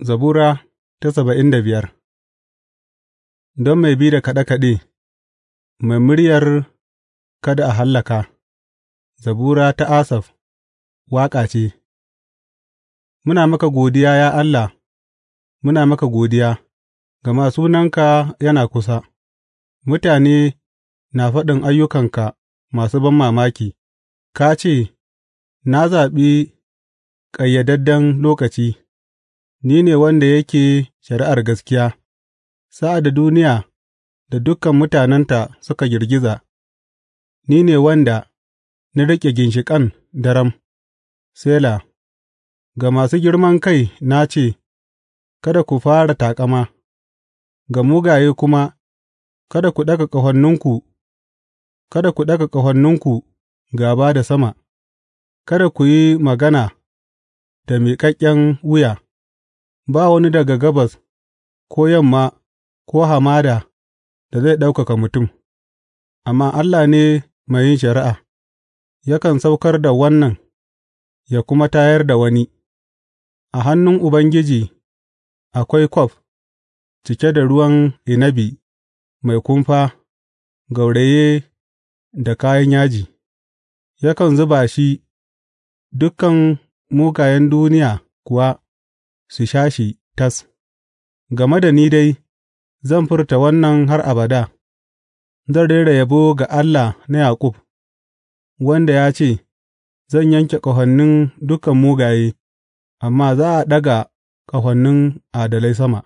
Zabura ta saba'in da biyar Don mai bi da kaɗe kaɗe, mai muryar Kada a hallaka, zabura ta Asaf, waƙa ce Muna maka godiya, ya Allah, muna maka godiya, gama sunanka yana kusa, mutane na faɗin ayyukanka masu ban mamaki. ka ce, Na zaɓi ƙayyadadden lokaci. Ni ne wanda yake shari'ar gaskiya; sa'ad da duniya da dukan mutanenta suka girgiza, ni ne wanda na riƙe ginshiƙan daram. Sela Ga masu girman kai na ce, Kada ku fara taƙama, ga mugaye kuma, Kada ku ɗaga ƙahoninku, kada ku ɗaga ƙahoninku gāba da sama; kada ku yi magana da miƙaƙƙen wuya. Ba wani daga gabas, ko yamma, ko hamada da zai ɗaukaka mutum, amma Allah ne mai yin shari'a; yakan saukar da wannan ya kuma tayar da wani, a hannun Ubangiji akwai kwaf cike da ruwan inabi mai kumfa gauraye da kayan yaji, yakan zuba shi dukan mugayen duniya kuwa. su sha shi tas, game da ni dai, zan furta wannan har abada; zan rera yabo ga Allah na Yaƙub, wanda ya ce, Zan yanke ƙahonin dukan mugaye, amma za a ɗaga ƙahonin adalai sama.